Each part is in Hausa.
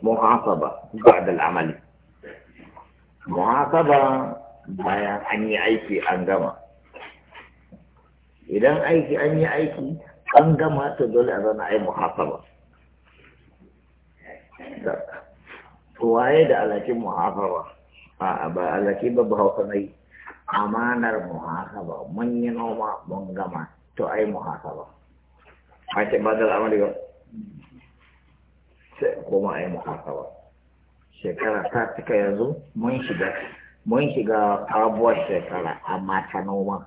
muhasaba ba da amali muhasaba bayan an yi aiki an gama idan aiki an yi aiki an gama to dole a zana ai muhasaba waye da alakin muhasaba a ba alaki ba ba hausa nai amanar muhasaba mun yi noma mun gama to ai muhasaba ake ba da amali ba sai a koma a yi muhasaba shekara ta cika yanzu mun shiga mun shiga sabuwar shekara amma ta noma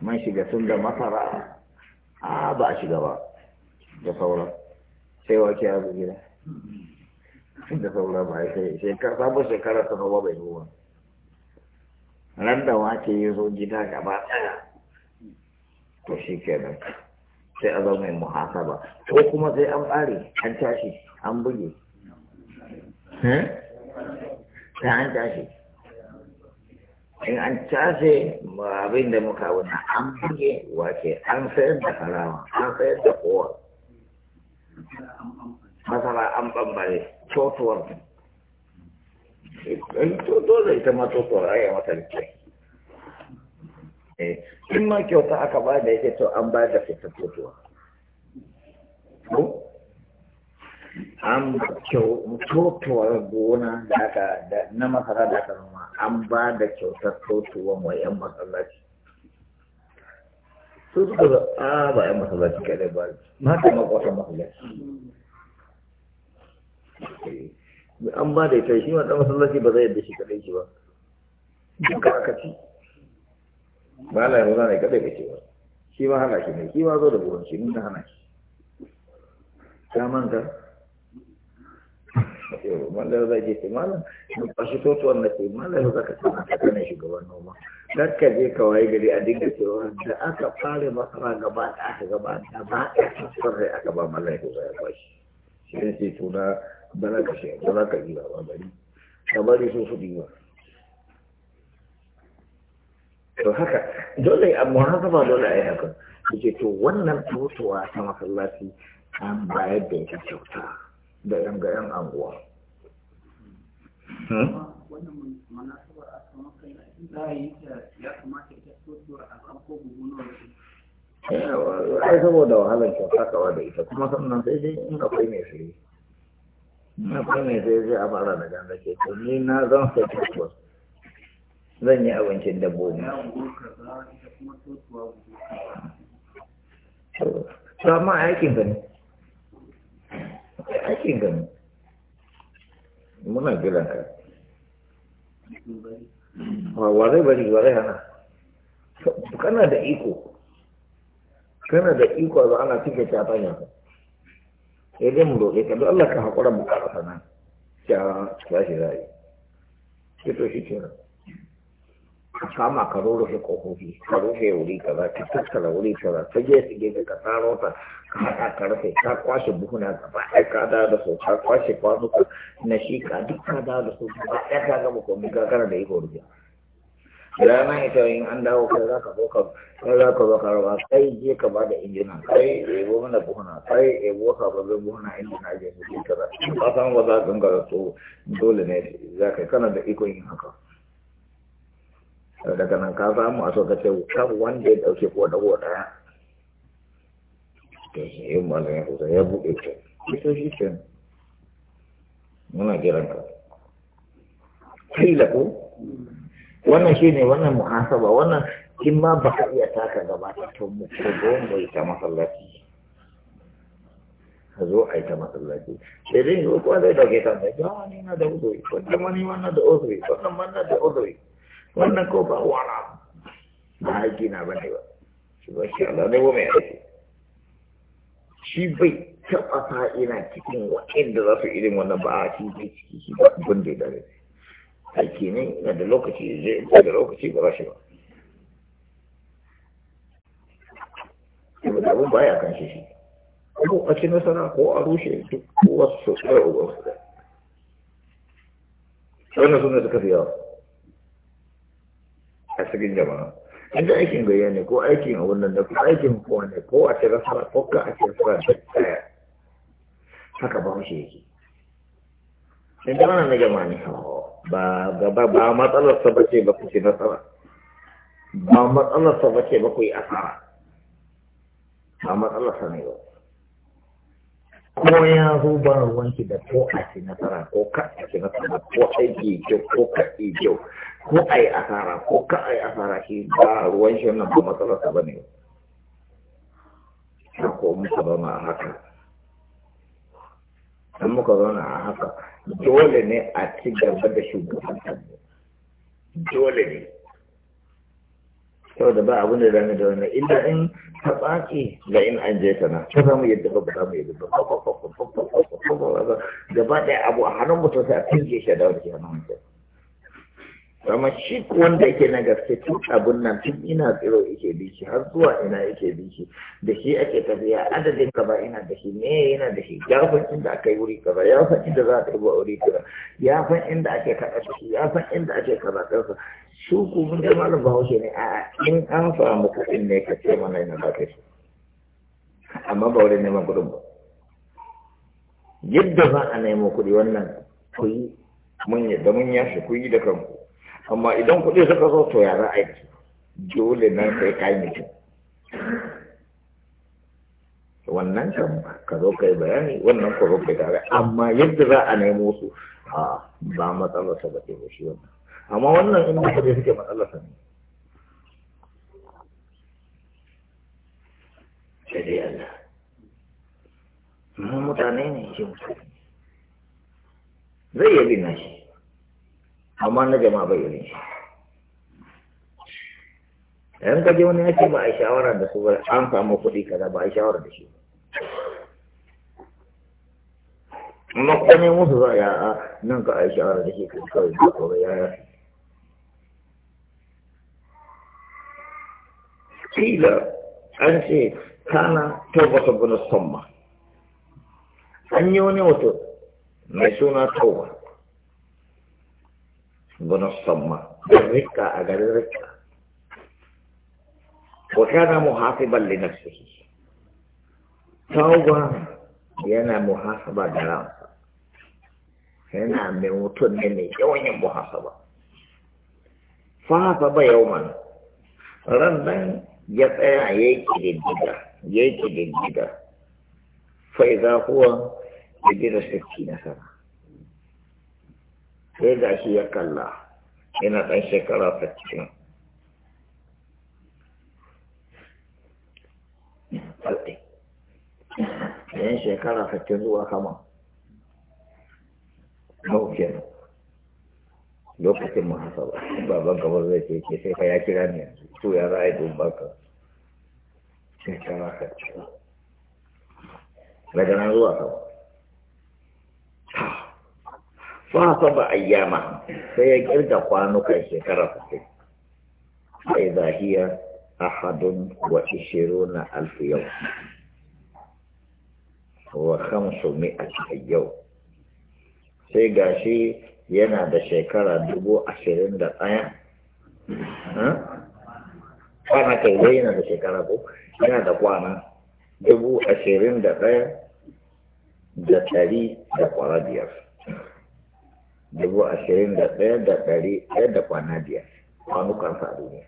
mun shiga sun da masara a ba a shiga ba da sauran sai wake ya zo gida da sauran ba sai shekara sabon shekara ta noma bai noma ran da wake ya zo gida gaba ɗaya to shi kenan sai a zama mai muhasaba ko kuma sai an bare an tashi an buge sai an tashi in an tashi abin da muka wuna an buge wace an sayar da harawa an sayar da kowa masara an bambare totuwar in eh, to ita ma totuwar a yi mata rikai Eh, in ma kyauta aka ba da yake to an ba da fitar mutuwa an kyautuwar gona da na masara da aka noma an ba da kyautar kyautuwan wa 'yan masallaci su suka zo a ba 'yan masallaci kai ba mata makwasa masallaci eh, an ba da ita shi ma ta masallaci ba zai yadda shi kadai shi ba duka aka ci ba la yau ne kadai kake ba shi ma hana shi ne shi ma zo da buwan shi mun hana shi ta manta yau mallar zai je ce malam in ba shi toto wanda ce mallar yau zaka tsana ta kana shugaban noma dan ka je kawai waye gari a dinga cewa da aka fara masara gaba da aka gaba da ba a cikin rai aka ba mallar yau zai ba shi shi ne ce tuna ba za ka shi ba za ka yi ba bari ka bari so su diba to haka dole a muhasaba dole a yi haka ce to wannan tutuwa ta masallaci an bayar da ita kyauta da yan ga yan anguwa hmm? eh, ai saboda wahalar kyauta kawa da ita kuma sannan sai dai in akwai mai sai in akwai mai sai sai a fara da ganda ke to ni na zan sai kyautuwa zan yi abincin dabbobi to amma aikin gani aikin gani muna jiran ka wa zai bari wa zai hana kana da iko kana da iko a ana cike ta tanya ka sai dai mu roƙe ka Allah ka haƙura mu ƙara sana ta tashi zai ke to shi kenan ka kama ka rurrufe kofofi ka rufe wuri ka kaza ka tattara wuri kaza ta je su gefe ka tsaro ta ka haɗa ka rufe ka kwashe buhuna ba ɗaya ka da da so ka kwashe kwanuka na shi ka duk ka da da ka ba ɗaya ka gama komai ka gara da iko rufe rana ita in an dawo kai za ka zo ka kai za ka zo ka raba kai je ka ba da injina kai ebo mana buhuna kai ebo sababbin buhuna injina je ka kaza ba san ba za ka ganga da dole ne za ka kana da iko yin haka daga nan ka samu a so ce kan wanda ya dauke ko da ko daya to shi yin malam ya kusa ya buɗe ta ita shi ke muna jiran ka kai da ko wannan shi ne wannan muhasaba wannan kin ma ba ka iya taka gaba ta to mu ko zo mu yi ta masallaci ka zo a yi ta masallaci sai dai ko zai dauke ta mai gawa ne na da uzuri ko ma ni wannan da uzuri wannan ma na da uzuri wannan ko ba wala ba haƙi na ba ne ba shi ba shi Allah ne ba mai aiki shi bai taɓa fa'ina cikin waɗanda za su irin wannan ba a shi bai ciki shi ba abin da ya aiki ne yana da lokaci zai yana da lokaci ba za shi ba abin ba ya kan shi shi ko a ci nasara ko a rushe duk wasu su a ubansu da wannan suna suka fi yawa a cikin jama'a inda aikin gayya ne ko aikin a wannan da aikin kowa ne ko a cikin sara ko ka a cikin sara da tsaya haka ba mu shi yake sai da wannan jama'a ne oh, ba gaba ba matsalar sa bace ba ku ci nasara ba matsalar sa bace ba ku yi asara ba matsalar sa ne ba ko ya zo ba ruwanki da ko a ci nasara ko ka a ci nasara ko yi kyau ko ka yi kyau ko a yi asara ko ka a yi asara shi ba ruwan shi wannan ba matsalarsa ba ne ba ko muka zauna a haka dan muka zauna a haka dole ne a ci gaba da shugabantar dole ne saboda ba abin da dame da wannan illa in ta tsaki da in an je ta nan ta mu yadda ba ba mu yadda ba gaba ɗaya abu a hannun mutum sai a tilge shi da wani ke hannun mutum Sama shi wanda yake na gaske tun abun nan tun ina tsiro yake biki har zuwa ina yake biki da shi ake tafiya adadin kaza ina da shi me yana da shi ya san inda aka yi wuri kaza ya san inda za a yi wa wuri kaza ya san inda ake kaɗa shi ya san inda ake kaza ɗansa su ku mun da malam bahaushe ne a in an samu kuɗin ne ka ce mana ina ba ka shi amma ba wurin neman kuɗin ba yadda za a nemo kuɗi wannan ku yi mun yadda mun yashi ku yi da kanku amma idan kuɗi suka zo to ya za yi dole nan sai kai mutum wannan kan ka zo kai bayani wannan ko kai tare amma yadda za a nemo su a ba matsalar sa ba ba shi wannan amma wannan in muka je suke matsalar sa ne sai Allah mu mutane ne shi mutane zai yi na amma na jama'a bai irin shi yan kaje wani yake ba a yi shawara da su ba an samu kuɗi kaza ba a yi shawara da shi amma ko ne musu za a yi ya nan ka a yi shawara da shi kan kawai da kawai ya ya kila an ce kana taubata bin somma an yi wani wato mai suna tauba بنا الصمة الركة أجل الركة وكان محاسبا لنفسه توبة ينا محاسبة دراسة هنا موت من يوم محاسبة فحاسب يوما ربا يسأل عيك للجدة يجد الجدة فإذا هو يجد ستين سنة sai ga shi ya kalla yana ɗan shekara sittin yan shekara sittin zuwa sama hau kenan lokacin mahasaba baban gaba zai ce ke sai ka ya kira ne yanzu to ya za a yi don baka shekara sittin daga nan zuwa sama ba fasaba yama sai ya kirga kwanukan shekara sosai sai zahiyar ahadun wa ishiruna alfu yau wa hamsu mi'ati yau sai gashi yana da shekara dubu ashirin da ɗaya hmm? kwana kai zai yana da shekara ko yana da kwana dubu ashirin da ɗaya da ɗari da kwana biyar dubu ashirin da ɗaya da ɗari ɗaya da kwana biyar kwanukansa a duniya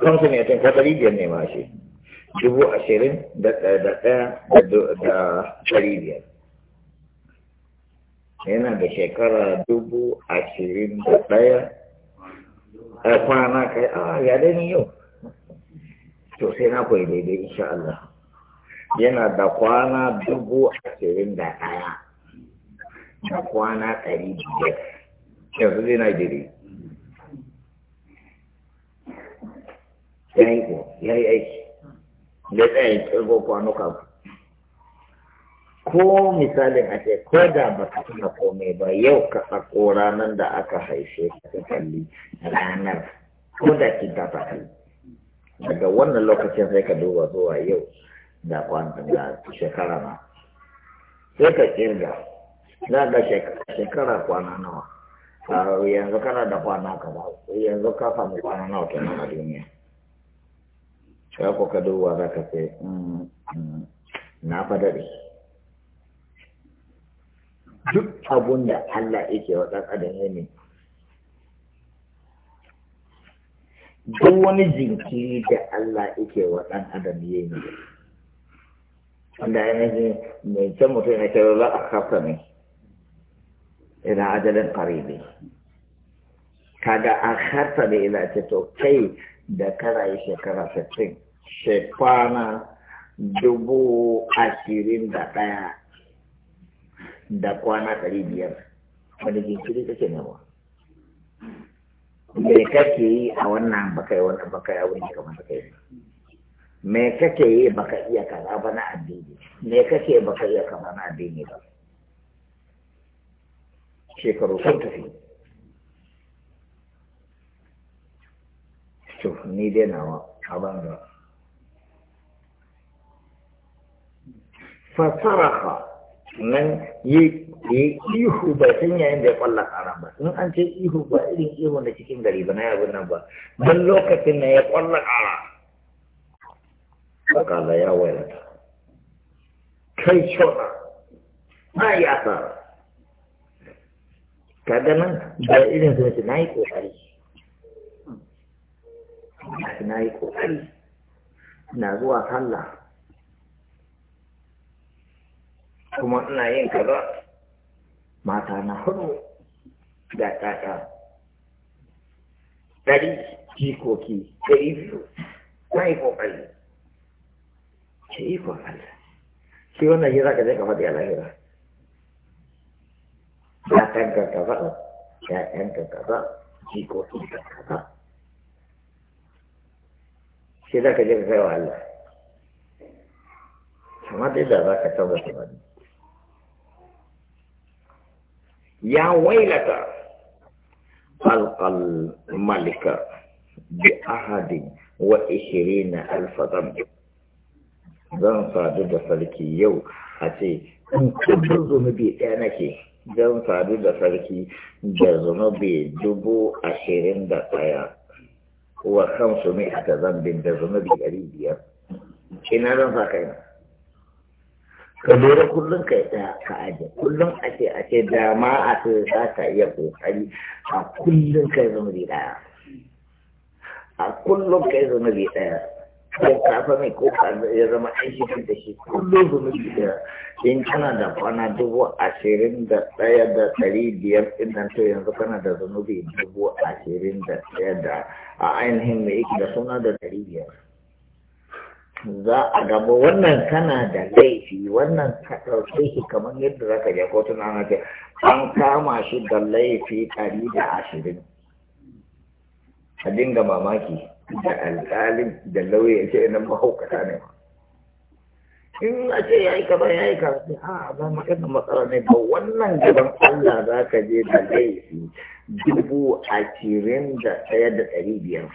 kansu ne tun ɗari biyar ne ma dubu ashirin da ɗaya da ɗari biyar yana da shekara dubu ashirin da ɗaya a kwana kai a ah, ya ni yau to sai na koyi daidai insha Allah yana da kwana dubu ashirin da ɗaya da kwana ɗari biyar yanzu zai na jiri ya yi aiki da tsayin kirgo kwanuka ko misalin a ce ko da ba ka tuna komai ba yau ka tsako ranar da aka haife ka kalli ranar ko da ki ta kalli daga wannan lokacin sai ka duba zuwa yau da kwanta da shekara ma sai ka kirga za ka shekara kwana nawa yanzu kana da kwana ba yanzu ka samu kwana nawa ta a duniya sai ko ka duba za ka ce mm, mm, na fa duk abun da Allah yake wa ɗan adam ne duk wani jinkiri da Allah yake wa ɗan adam ne wanda ainihin mai can mutum na kira za a kafa ne ila ajalin karibi kaga a kafa ne ila ce to kai da kara yi shekara 60 shekwana dubu ashirin da ɗaya da kwana ɗari biyar wani jinkiri kake nema me kake yi a wannan bakai wannan bakai abin da kamar kai me kake yi baka iya kaza ba na addini me kake baka iya kaza na addini ba shekaru sun tafi to ni dai nawa a banza fasaraha nan yi yi ihu ba sun yayin da ya kwalla karan ba in an ce ihu ba irin ihu na cikin gari ba na yabin nan ba don lokacin na ya kwalla kara فقال يا ويلك كي شرع ما يعثر كدما بإذن سنة na yi نايك وحري zuwa صلى kuma ina yin kaza mata na hudu da ƙaƙa ɗari jikoki ɗari biyu na yi ƙoƙari ce ikon Allah shi wannan shi za ka je ka faɗi ya tanka ka ya yanka ka faɗa jikokin ka faɗa shi za ka je ka kai wa Allah amma dai da za ka tabbata Ya ne خلق الملك بأحد وعشرين ألف ضرب zan sadu da sarki yau a ce in kudin zunubi ɗaya nake zan sadu da sarki da zunubi dubu ashirin da ɗaya wa kansu ne a ta zambin da zunubi ɗari biyar ina zan sa kai na ka lura kullum ka ɗaya ka aje kullum a ce a ce da ma a ce za ka iya kokari a kullum kai zunubi ɗaya a kullum kai zunubi ɗaya kai kafa mai ko ya zama aiki da shi kullum zunubi da in kana da kwana dubu ashirin da ɗaya da ɗari biyar ɗin nan to yanzu kana da zunubi dubu ashirin da ɗaya da a ainihin mai yake da suna da ɗari biyar za a gaba wannan kana da laifi wannan ka ɗauke shi kamar yadda za ka je kotu na ce an kama shi da laifi ɗari da ashirin a dinga mamaki da alƙalin da lauya ya ce na mahaukata ne ma in a ce ya yi kaba ya yi karatu a ba maganin matsala ne ba wannan gaban Allah za ka je da laifi dubu ashirin da ɗaya da ɗari biyar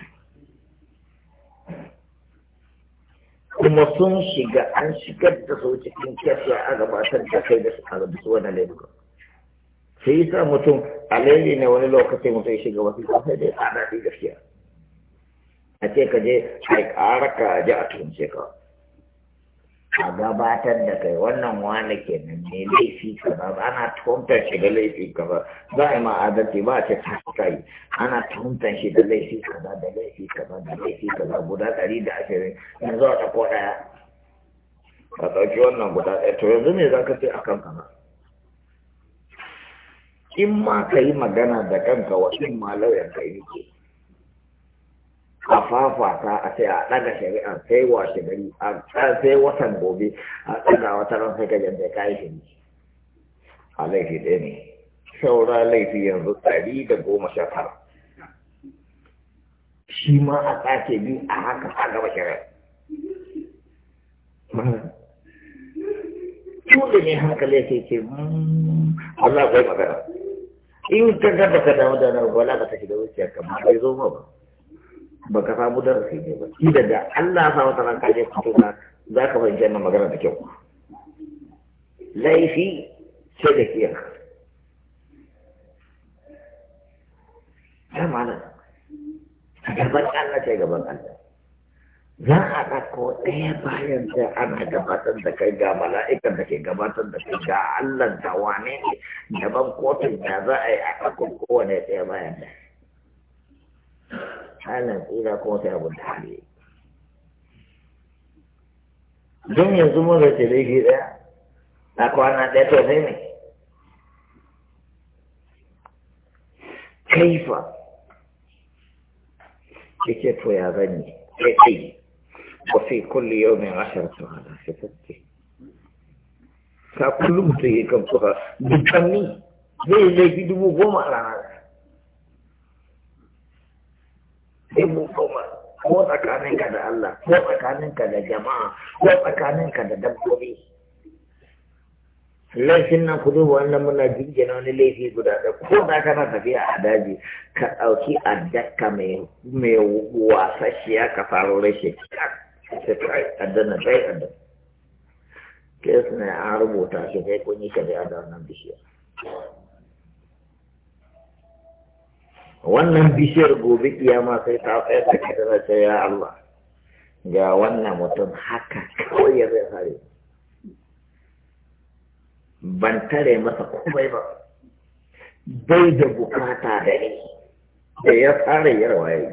kuma sun shiga an shigar da su cikin kyasa a gabatar da kai da su a da su wani laifuka sai sa mutum a ne wani lokacin mutum ya shiga wasu sai dai a daɗi gaskiya a ce ka je ai ƙara ka ji a tunce ka a gabatar da kai wannan wani kenan ne laifi kaza ana tuhumtar shi da laifi kaza za a yi ma adalci ba a ce ta kai. ana tuhumtar shi da laifi kaza da laifi kaza da laifi kaza guda ɗari da ashirin zo a ko ɗaya ka ɗauki wannan guda ɗaya to yanzu me za ka ce a kan kaza in ma ka yi magana da kanka wa in ma lauyan ka yi ke a fafata a sai a ɗaga shari'a sai washe gari a sai watan gobe a ɗaga wata ran sai ka janta ka yi shiri a laifi ɗaya ne saura laifi yanzu ɗari da goma sha tara shi ma a tsake biyu a haka a gaba shari'a Cuɗe ne hankali ya ce, hmm, Allah akwai magana. In ka gaba ka damu da na wala ka ta shiga wuciyar kamar bai zo ma ba. ba ka samu darasi ne ba shi daga Allah ya samu ranka kaje fito na za ka fahimci wannan magana da kyau laifi sai da kiyar ya mana gaban Allah sai gaban Allah za a ɗauko ɗaya bayan sai ana gabatar da kai ga mala'ikan da ke gabatar da kai ga Allah da wane ne daban kotun da za a yi a ɗauko kowane ɗaya bayan ɗaya Ana tsira kuma sai abin da hali don yanzu mun zace da shi ɗaya na kwana ɗaya to sai ne kaifa yake to ya zanyi sai kai وفي كل يوم عشرة على ستة ka kullum mutum ya kamsu ha dukkanni zai laifi dubu goma a rana ilmu goma ko tsakaninka da Allah ko tsakaninka da jama'a ko tsakaninka da dabbobi laifin nan kudu wannan muna jingina wani laifi guda da ko da kana tafiya a daji ka ɗauki addaka mai mai wasasshiya ka faro rashe addana bai addana ke suna an rubuta shi kai kun yi a da wannan bishiya wannan bishiyar gobe kiyama sai ta tsaya ta kira ta ya Allah ga wannan mutum haka kawai ya zai fare ban tare masa komai ba bai da bukata da ni da ya fara ya yi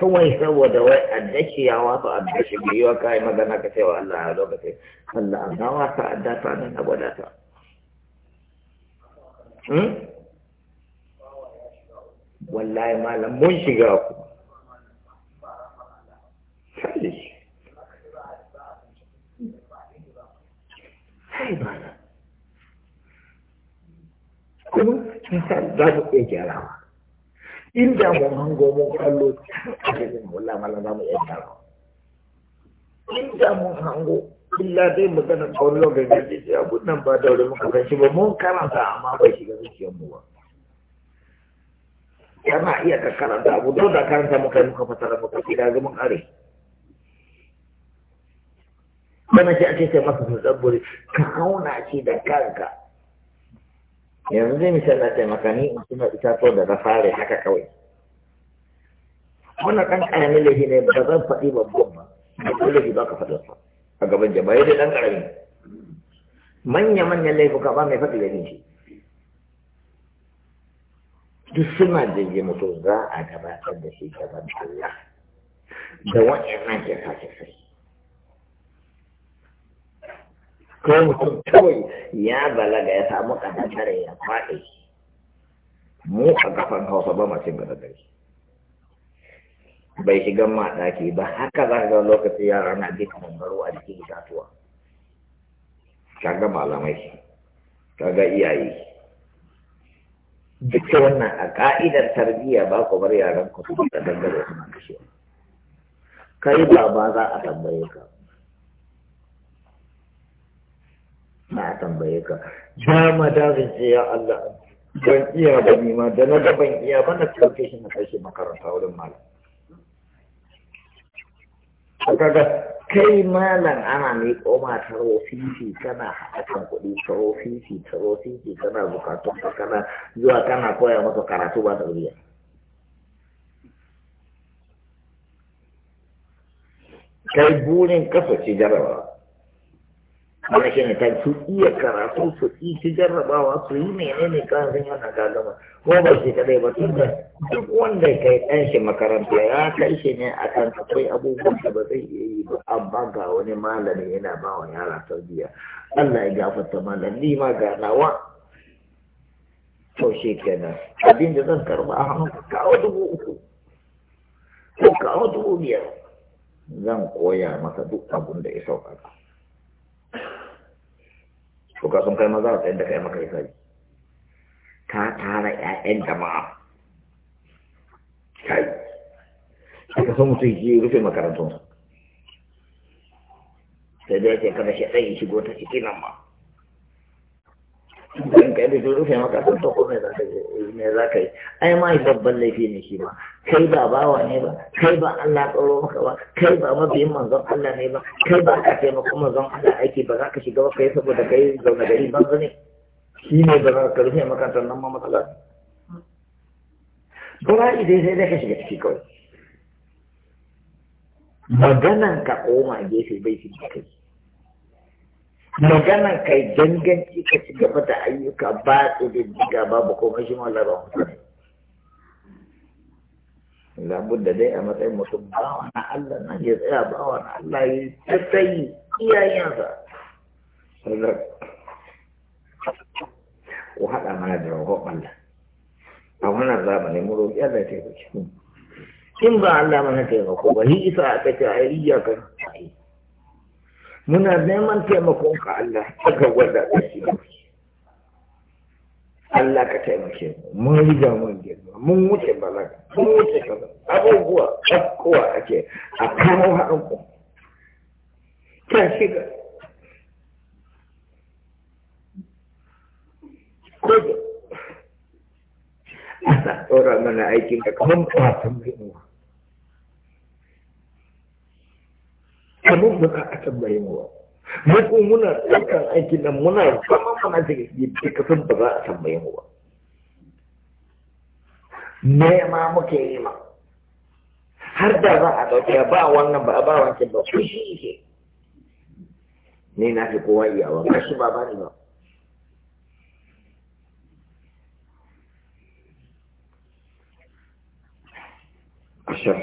kawai saboda wai addashi ya wasu addashi biyu ka yi magana ka cewa Allah a lokacin Allah a gawa ta addata nan gwada ta. Hmm? wallahi malam mun shiga ku kuma misali za mu iya gyarawa inda mun hango mun kallo a cikin wallahi malam za mu iya hango illa dai magana wani lokacin da ce abun nan ba daure muka san shi ba mun karanta amma bai shiga zuciyar mu ba kana iya ka karanta abu dole da karanta muka muka fasara muka fi daga mun kare bana shi ake ce masa tadabburi ka auna shi da kanka yanzu zai misali na taimaka ni in suna itatuwa da na fare haka kawai wannan ɗan ƙaramin laifi ne ba zan faɗi babban ba ba ko laifi ba ka faɗi ba a gaban jama'a da dan karami manya manyan laifuka ba mai faɗi laifin shi duk suna jirgin mutu za a gabatar da shi gaban Allah da waɗannan ke kashe sai ko mutum kawai ya balaga ya samu tare ya faɗi mu a kafan hausa ba masu gadagari bai shiga maɗaki ba haka za ga lokacin yara na gina mangaro a jikin itatuwa ga malamai ka ga iyaye duk wannan a ka'idar tarbiyya ba ku bar yaran ku su da dangare suna kashewa kai baba za a tambaye ka za a tambaye ka ba ma dazin ya Allah ban iya ba ni ma da na ga ban iya ba na ɗauke shi na karshe makaranta wurin malam kaga kai malam ana ne koma taro fifi kana haɗakan kuɗi taro fifi taro fifi kana bukatun ka kana zuwa kana koya maka karatu ba tarbiyya kai burin kasa ce jarabawa haka shi ne ta su iya karatu su yi su jarrabawa su yi ne kan sun yana gagama ko ba shi kadai ba tunda duk wanda kai ɗan shi makaranta ya kai shi ne a kan akwai abubuwan da ba zai iya yi ba amma ga wani malami yana ba wa yara tarbiyya Allah ya gafarta malam ni ma ga nawa to shi kenan abin da zan karba a hannu kawo dubu uku ko kawo dubu biyar zan koya masa duk abin da ya sauƙaƙa to ka sun kai maza ta kai maka hisabi ta tara ƴaƴan ma kai ka san mutum shi rufe makarantun. sai dai ce kada shi ɗan shigo ta cikin nan ma ka yadda sun rufe maka sun ta kome za ka ne za ka yi ai ma yi babban laifi ne shi ma kai ba bawa ne ba kai ba Allah tsoro maka ba kai ba mabiyin manzon Allah ne ba kai ba ka maka manzon Allah aiki ba za ka shiga ba kai saboda kai zaune gari ban ne shi ne ba za ka rufe maka nan ma matsala ba idai sai dai ka shiga ciki kawai maganan ka koma gefe bai fi kai maganan kai ganganci ka ci gaba da ayyuka ba diga babu komai shi ma labar mutane da dai a matsayin mutum bawa na Allah nan ya tsaya bawa na Allah ya tattayi iyayensa sannan ku haɗa mana da rahon ɓalla? a wannan zamani mu roƙi Allah ta yi in ba Allah mana taimako ba yi isa a ce a yi iyakar yi. muna neman taimakon ka Allah ta gwada da shi Allah ka taimake mu mun da mun girma mun wuce balaga mun wuce kaza abubuwa kowa ake a kawo haɗin ku ta shiga ko da ana tsora mana aikin da kamar kwasan mai kamar muna za a tambaye mu ba mu ko muna ɗaukan aikin nan muna zama mana zai yadda ka san ba za a tambaye mu ba me ma muke yi ma har da za a dauke ba wannan ba ba wanke ba ku shi ke ni na fi kowa iyawa ba shi ba ba ni ba Sure.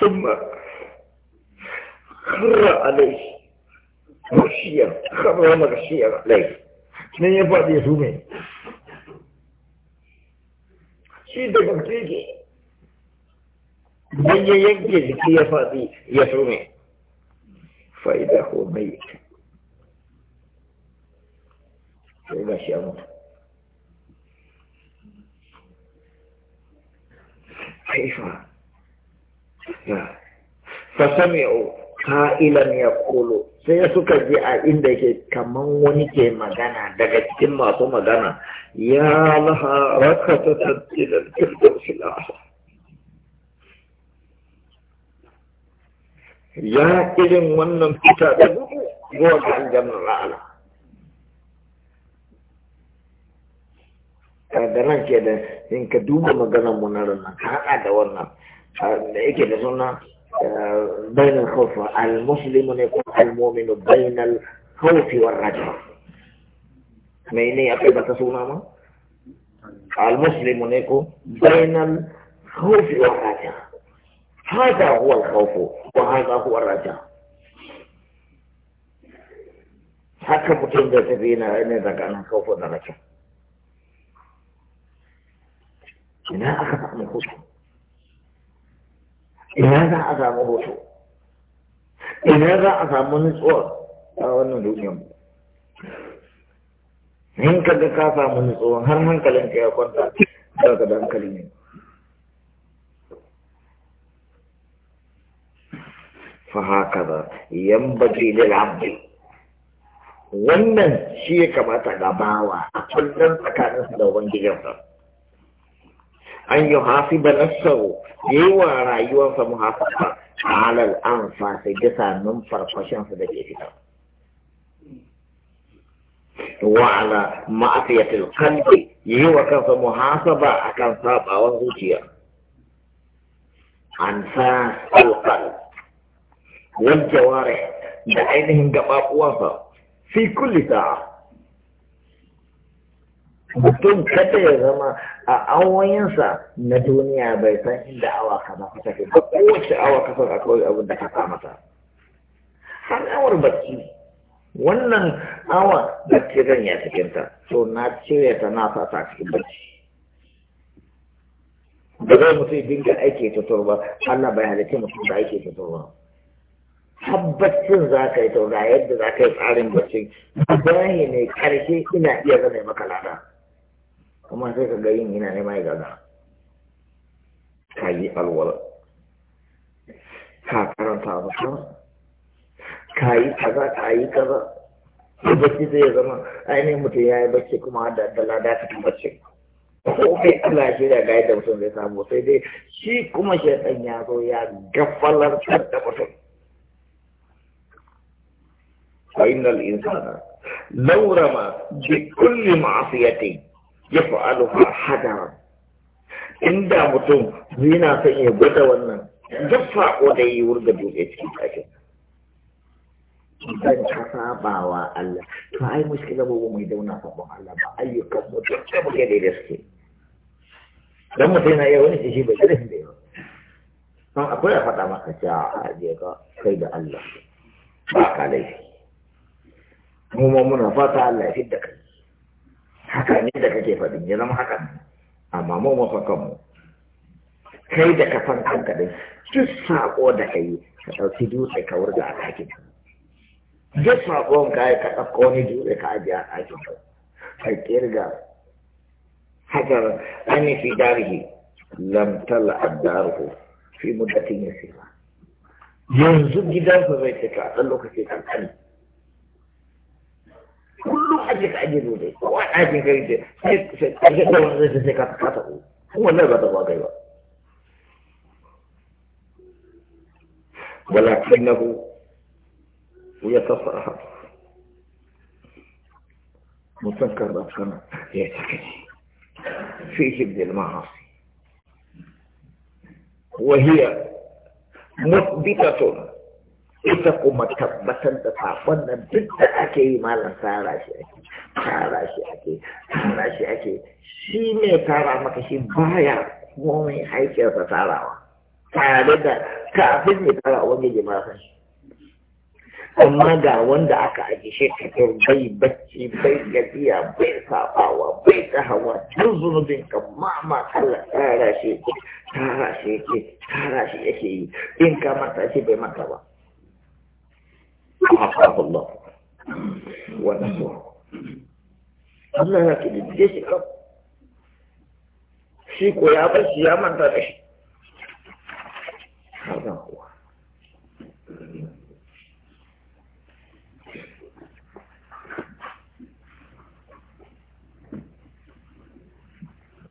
ثم خر عليه غشيا خر غشيا عليه شنو يبعد يزومين سيد بكتيجي بي ينجز كي يبعد يزومين فإذا هو ميت فإذا شامت Hey, fam. fasami'u ka'ilan ya kolo sai suka ji a inda ke kaman wani ke magana daga cikin masu magana ya laha raka ta tattilar ya irin wannan fita da gudu zuwa ga aljannar ra'ala nan ke da in ka duba maganar munarar na da wannan فإيكي بظن آه، بين الخوف المسلم يكون المؤمن بين الخوف والرجاء ما إني أقيبة سوناما المسلم يكون بين الخوف والرجاء هذا هو الخوف وهذا هو الرجاء حتى بكين ده سبينا إن إذا كان الخوف ده رجاء هنا أخطأ من ina za a samu hoto ina za a samu nutsuwa a wannan duniyar in ka ga ka samu nutsuwa har hankalin ka ya kwanta za ka da hankalin yin fa haka ba yan baje lil wannan shi ya kamata ga bawa a kullum tsakaninsa da ubangijinsa an yi hasiba nafsahu yi wa rayuwarsa muhasaba alal anfasi bisa numfarfashin su da ke fita wa ala ma'asiyatil qalbi yi wa kansa muhasaba akan sabawan zuciya an sa alqalb wal ware da ainihin gababuwansa fi kulli sa'a mutum kada ya zama a awoyinsa na duniya bai san inda awa kaza ka tafi ba kowace awa ka san akwai abin da ka sa masa har awar baki wannan awa da zan ya cikinta so na cire ta na sa ta cikin baki ba zai mutum dinga aiki tutur ba Allah bai halitta mutum da aiki tutur ba tabbacin za ka yi taura yadda za ka yi tsarin bacci bayan ne karshe ina iya zama maka lada kuma sai ka ga yin ina ne mai gaga ka yi alwala ka karanta a abu ka yi kaza ka yi kaza bacci zai zama ainihin mutum ya yi bacci kuma da dala da cikin bacci ko kai Allah shi da gaya da mutum zai samu sai dai shi kuma shi shaitan ya zo ya gafalar da mutum fa innal insana laurama bi kulli ma'siyati yaf'aluha hadaran inda mutum zina son ya gwada wannan duk faƙo da yi wurga dutse cikin kashin idan ka saba wa Allah to ai mushkila ba mai dauna sabon Allah ba ayyukan mutum sai muke da gaske dan mutum yana iya wani shi bai da shi ba akwai a faɗa maka cewa a je ka kai da Allah ba ka laifi mu ma muna fata Allah ya fidda kai haka ne da kake faɗin ya zama haka ne amma mu mafakanmu. kai da ka san kanka dai duk saƙo da kai ka ɗauki dutse ka wurga a ɗakin duk saƙon ka ka ɗauko wani dutse ka ajiye a ɗakin ka ka kirga hajar ani fi darihi lamtala addaruhu fi muddatin yasira yanzu gidansa zai cika a ɗan lokaci ƙanƙani كل حاجة عجل ولي هو حاجة كريسة حاجة كريسة زي كاتا هو لا بدا واقعي ولكنه يتصاحب متنكر بأفكار يتكلم في جبد المعاصي وهي مثبتة ita kuma tabbatar da sakon nan duk da ake yi malam tara shi ake tara shi ake tara shi ake shi ne tara maka shi baya komai ta tarawa tare da kafin ne tara wani jima shi amma ga wanda aka aje shi kafin bai bacci bai gajiya bai sabawa bai hawa can zunubin ka mama kala tara shi tara shi yake tara shi yake yi in ka mata shi bai mata ba حفظه الله ونحوه Allah ya kididdige shi shi ko ya bar shi ya